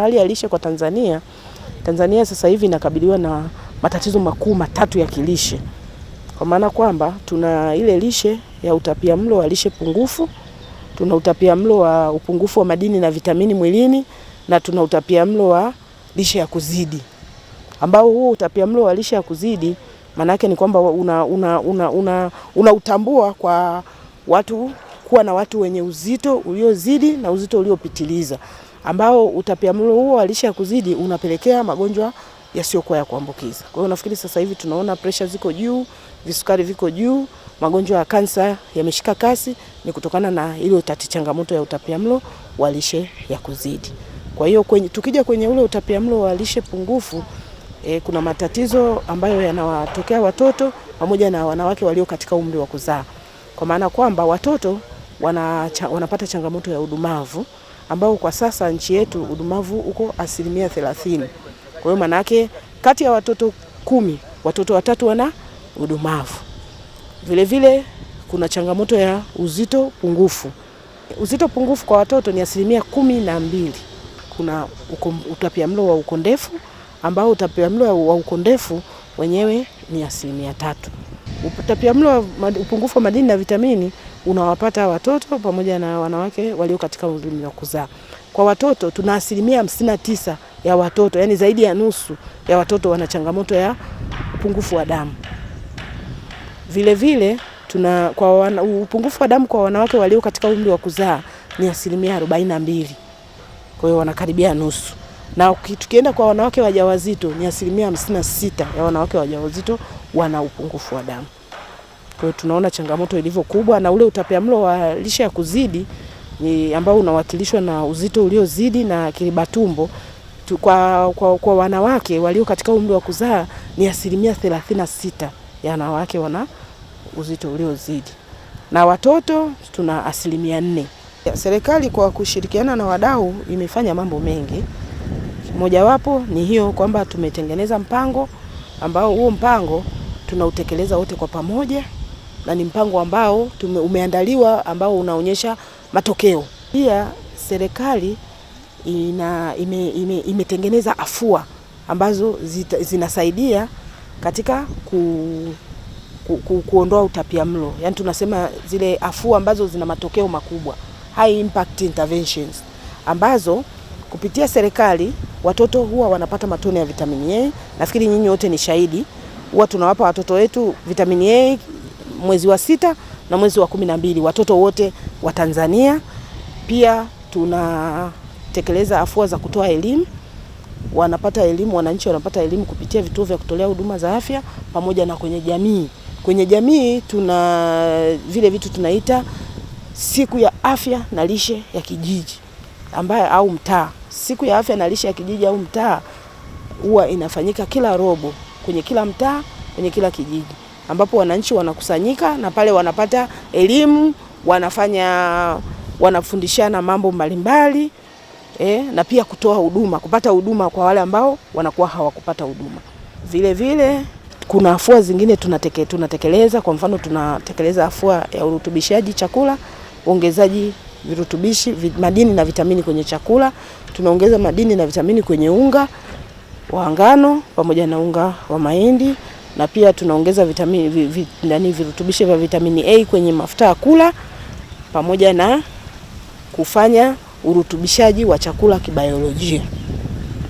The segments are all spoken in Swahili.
Hali ya lishe kwa Tanzania, Tanzania sasa hivi inakabiliwa na matatizo makuu matatu ya kilishe, kwa maana kwamba tuna ile lishe ya utapia mlo wa lishe pungufu, tuna utapia mlo wa upungufu wa madini na vitamini mwilini, na tuna utapia mlo wa lishe ya kuzidi, ambao huu utapia mlo wa lishe ya kuzidi maanake ni kwamba una, una, una, una, una utambua kwa watu kuwa na watu wenye uzito uliozidi na uzito uliopitiliza ambao utapiamlo huo wa lishe ya kuzidi unapelekea magonjwa yasiyokuwa ya kuambukiza. Kwa hiyo nafikiri sasa hivi tunaona presha ziko juu, visukari viko juu, magonjwa ya kansa yameshika kasi, ni kutokana na ile utati, changamoto ya utapiamlo wa lishe ya kuzidi. Kwa hiyo kwenye, tukija kwenye ule utapiamlo wa lishe pungufu e, kuna matatizo ambayo yanawatokea watoto pamoja na wanawake walio katika umri wa kuzaa, kwa maana kwamba watoto wana, cha, wanapata changamoto ya udumavu ambao kwa sasa nchi yetu udumavu uko asilimia thelathini. Kwa hiyo manake kati ya watoto kumi watoto watatu wana udumavu. Vilevile vile, kuna changamoto ya uzito pungufu. Uzito pungufu kwa watoto ni asilimia kumi na mbili. Kuna utapiamlo wa ukondefu ambao utapiamlo wa ukondefu wenyewe ni asilimia tatu. Utapiamlo, upungufu wa madini na vitamini unawapata watoto pamoja na wanawake walio katika umri wa kuzaa. Kwa watoto tuna asilimia hamsini na tisa ya watoto, yani zaidi ya nusu ya watoto wana changamoto ya upungufu wa damu. Vilevile tuna kwa wana, upungufu wa damu kwa wanawake walio katika umri wa kuzaa ni asilimia arobaini na mbili, kwa hiyo wanakaribia nusu na tukienda kwa wanawake wajawazito ni asilimia hamsini na sita ya wanawake wajawazito wana upungufu wa damu. Kwa hiyo tunaona changamoto ilivyo kubwa, na ule utapiamlo wa lishe ya kuzidi ni ambao unawakilishwa na uzito uliozidi na kiriba tumbo kwa, kwa, kwa wanawake walio katika umri wa kuzaa ni asilimia thelathini na sita ya wanawake wana uzito uliozidi na watoto tuna asilimia nne. Serikali kwa kushirikiana na wadau imefanya mambo mengi mojawapo ni hiyo kwamba tumetengeneza mpango ambao huo mpango tunautekeleza wote kwa pamoja, na ni mpango ambao tume, umeandaliwa ambao unaonyesha matokeo. Pia serikali ina, ime, ime, imetengeneza afua ambazo zita, zinasaidia katika ku, ku, ku, kuondoa utapia mlo, yaani tunasema zile afua ambazo zina matokeo makubwa, high impact interventions ambazo kupitia serikali watoto huwa wanapata matone ya vitamini A. Nafikiri nyinyi wote ni shahidi, huwa tunawapa watoto wetu vitamini A mwezi wa sita na mwezi wa kumi na mbili, watoto wote wa Tanzania. Pia tunatekeleza afua za kutoa elimu, wanapata elimu, wananchi wanapata elimu kupitia vituo vya kutolea huduma za afya pamoja na kwenye jamii. Kwenye jamii tuna vile vitu tunaita siku ya afya na lishe ya kijiji ambayo au mtaa Siku ya afya na lishe ya kijiji au mtaa huwa inafanyika kila robo kwenye kila mtaa, kwenye kila kijiji, ambapo wananchi wanakusanyika na pale wanapata elimu, wanafanya wanafundishana mambo mbalimbali eh, na pia kutoa huduma, kupata huduma kwa wale ambao wanakuwa hawakupata huduma. Vile vile kuna afua zingine tunateke, tunatekeleza. Kwa mfano tunatekeleza afua ya urutubishaji chakula, ongezaji virutubishi, madini na vitamini kwenye chakula. Tunaongeza madini na vitamini kwenye unga wa ngano pamoja na unga wa mahindi na pia tunaongeza vitamini vi, vi, virutubishi vya vitamini A kwenye mafuta ya kula pamoja na kufanya urutubishaji wa chakula kibayolojia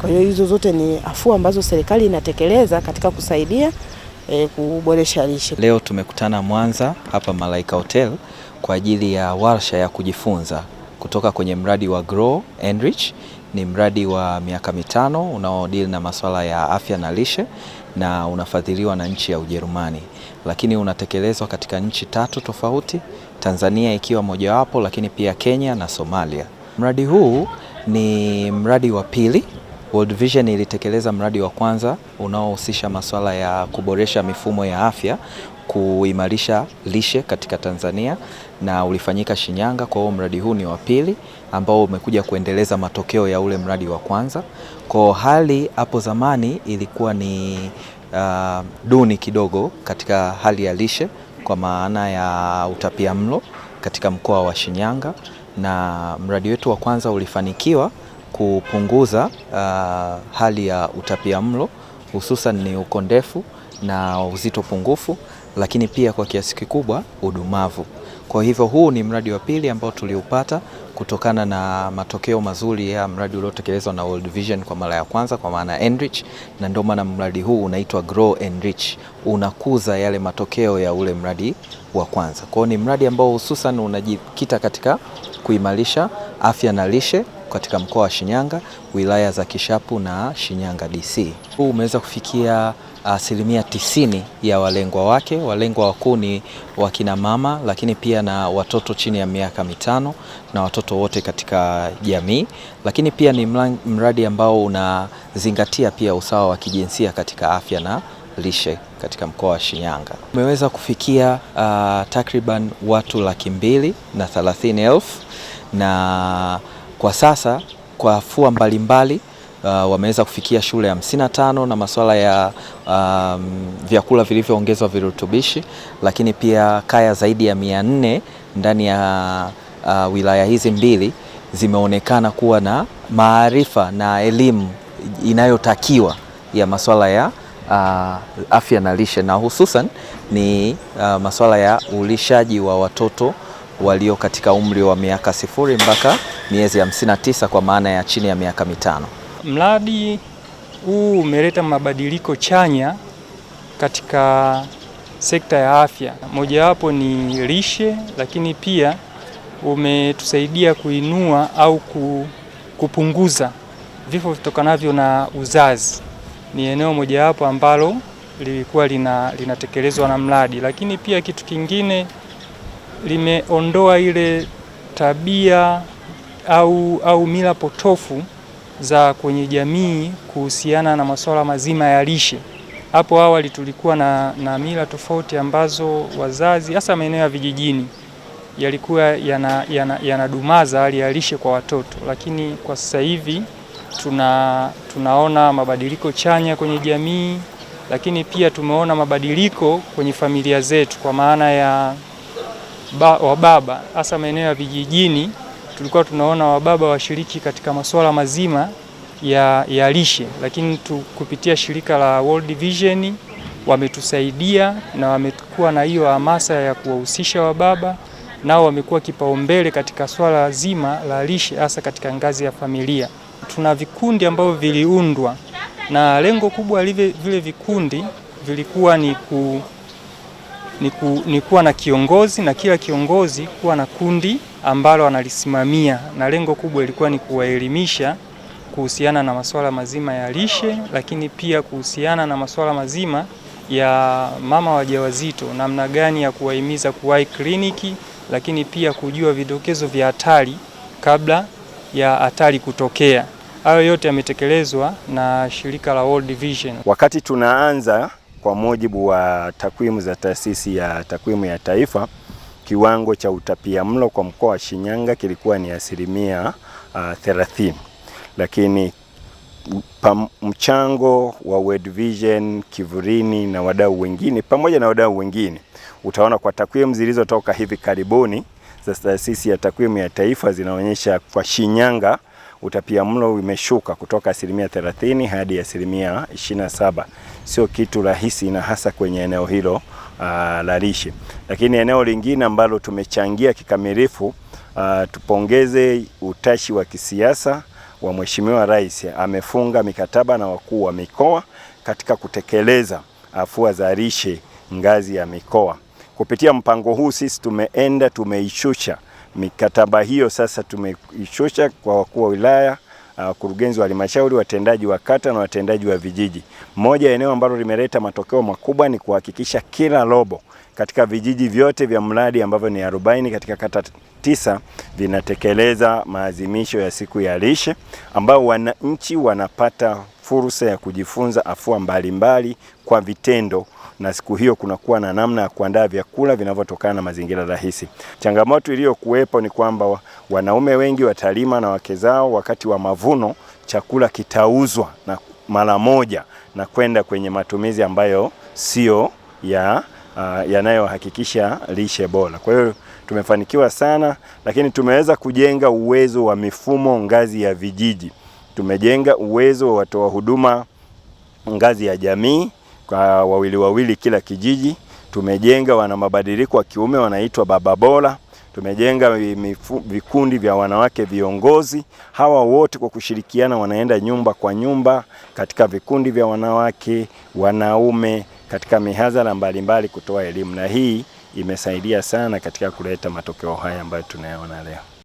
Kwa hiyo hizo zote ni afua ambazo serikali inatekeleza katika kusaidia e, kuboresha lishe. Leo tumekutana Mwanza hapa Malaika Hotel kwa ajili ya warsha ya kujifunza kutoka kwenye mradi wa Grow Enrich. Ni mradi wa miaka mitano unaodili na masuala ya afya na lishe na unafadhiliwa na nchi ya Ujerumani, lakini unatekelezwa katika nchi tatu tofauti, Tanzania ikiwa mojawapo, lakini pia Kenya na Somalia. Mradi huu ni mradi wa pili World Vision ilitekeleza mradi wa kwanza unaohusisha masuala ya kuboresha mifumo ya afya, kuimarisha lishe katika Tanzania na ulifanyika Shinyanga. Kwa hiyo mradi huu ni wa pili ambao umekuja kuendeleza matokeo ya ule mradi wa kwanza. Kwa hali hapo zamani ilikuwa ni uh, duni kidogo katika hali ya lishe kwa maana ya utapia mlo katika mkoa wa Shinyanga na mradi wetu wa kwanza ulifanikiwa kupunguza uh, hali ya utapia mlo hususan ni ukondefu na uzito pungufu, lakini pia kwa kiasi kikubwa udumavu. Kwa hivyo huu ni mradi wa pili ambao tuliupata kutokana na matokeo mazuri ya mradi uliotekelezwa na World Vision kwa mara ya kwanza, kwa maana Enrich, na ndio maana mradi huu unaitwa Grow Enrich, unakuza yale matokeo ya ule mradi wa kwanza. Kwa hiyo ni mradi ambao hususan unajikita katika kuimarisha afya na lishe katika mkoa wa Shinyanga, wilaya za Kishapu na Shinyanga DC. Huu umeweza kufikia uh, asilimia tisini ya walengwa wake. Walengwa wakuu ni wakina mama, lakini pia na watoto chini ya miaka mitano na watoto wote katika jamii, lakini pia ni mradi ambao unazingatia pia usawa wa kijinsia katika afya na lishe katika mkoa wa Shinyanga. Umeweza kufikia uh, takriban watu laki mbili na thelathini elfu na kwa sasa kwa afua mbalimbali uh, wameweza kufikia shule hamsini na tano na masuala ya um, vyakula vilivyoongezwa virutubishi, lakini pia kaya zaidi ya mia nne ndani ya uh, wilaya hizi mbili zimeonekana kuwa na maarifa na elimu inayotakiwa ya masuala ya uh, afya na lishe na hususan ni uh, masuala ya ulishaji wa watoto walio katika umri wa miaka sifuri mpaka miezi 59 kwa maana ya chini ya miaka mitano. Mradi huu umeleta mabadiliko chanya katika sekta ya afya, mojawapo ni lishe, lakini pia umetusaidia kuinua au kupunguza vifo vitokanavyo na uzazi. Ni eneo mojawapo ambalo lilikuwa lina, linatekelezwa na mradi, lakini pia kitu kingine limeondoa ile tabia au, au mila potofu za kwenye jamii kuhusiana na masuala mazima ya lishe. Hapo awali tulikuwa na, na mila tofauti ambazo wazazi hasa maeneo ya vijijini yalikuwa yanadumaza yana, yana hali ya lishe kwa watoto, lakini kwa sasa hivi tuna, tunaona mabadiliko chanya kwenye jamii, lakini pia tumeona mabadiliko kwenye familia zetu kwa maana ya ba, wa baba hasa maeneo ya vijijini tulikuwa tunaona wababa washiriki katika masuala mazima ya, ya lishe, lakini tu, kupitia shirika la World Vision wametusaidia na wamekuwa na hiyo hamasa ya kuwahusisha wababa, nao wamekuwa kipaumbele katika swala zima la lishe, hasa katika ngazi ya familia. Tuna vikundi ambavyo viliundwa na lengo kubwa, vile vikundi vilikuwa ni ku ni, ku, ni kuwa na kiongozi na kila kiongozi kuwa na kundi ambalo analisimamia, na lengo kubwa ilikuwa ni kuwaelimisha kuhusiana na masuala mazima ya lishe, lakini pia kuhusiana na masuala mazima ya mama wajawazito, namna gani ya kuwahimiza kuwahi kliniki, lakini pia kujua vidokezo vya hatari kabla ya hatari kutokea. Hayo yote yametekelezwa na shirika la World Vision. Wakati tunaanza kwa mujibu wa takwimu za taasisi ya takwimu ya Taifa, kiwango cha utapia mlo kwa mkoa wa Shinyanga kilikuwa ni asilimia ah, thelathini, lakini pa mchango wa World Vision, Kivurini na wadau wengine pamoja na wadau wengine, utaona kwa takwimu zilizotoka hivi karibuni za taasisi ya takwimu ya Taifa zinaonyesha kwa Shinyanga utapia mlo umeshuka kutoka asilimia 30 hadi asilimia 27. Sio kitu rahisi, na hasa kwenye eneo hilo uh, la lishe. Lakini eneo lingine ambalo tumechangia kikamilifu uh, tupongeze utashi wa kisiasa wa Mheshimiwa Rais, amefunga mikataba na wakuu wa mikoa katika kutekeleza afua za lishe ngazi ya mikoa. Kupitia mpango huu sisi tumeenda tumeishusha Mikataba hiyo sasa tumeishusha kwa wakuu wa wilaya, uh, wakurugenzi wa halmashauri, watendaji wa kata na watendaji wa vijiji. Moja eneo ambalo limeleta matokeo makubwa ni kuhakikisha kila robo katika vijiji vyote vya mradi ambavyo ni 40 katika kata tisa vinatekeleza maazimisho ya siku ya lishe, ambao wananchi wanapata fursa ya kujifunza afua mbalimbali mbali kwa vitendo na siku hiyo kunakuwa na namna ya kuandaa vyakula vinavyotokana na mazingira rahisi. Changamoto iliyokuwepo ni kwamba wanaume wengi watalima na wake zao, wakati wa mavuno chakula kitauzwa na mara moja na kwenda kwenye matumizi ambayo sio ya uh, yanayohakikisha lishe bora. Kwa hiyo tumefanikiwa sana, lakini tumeweza kujenga uwezo wa mifumo ngazi ya vijiji, tumejenga uwezo wa watoa huduma ngazi ya jamii kwa wawili wawili kila kijiji. Tumejenga wana mabadiliko wa kiume wanaitwa baba bora tumejenga vikundi vya wanawake viongozi. Hawa wote kwa kushirikiana wanaenda nyumba kwa nyumba katika vikundi vya wanawake, wanaume katika mihadhara mbalimbali kutoa elimu, na hii imesaidia sana katika kuleta matokeo haya ambayo tunayaona leo.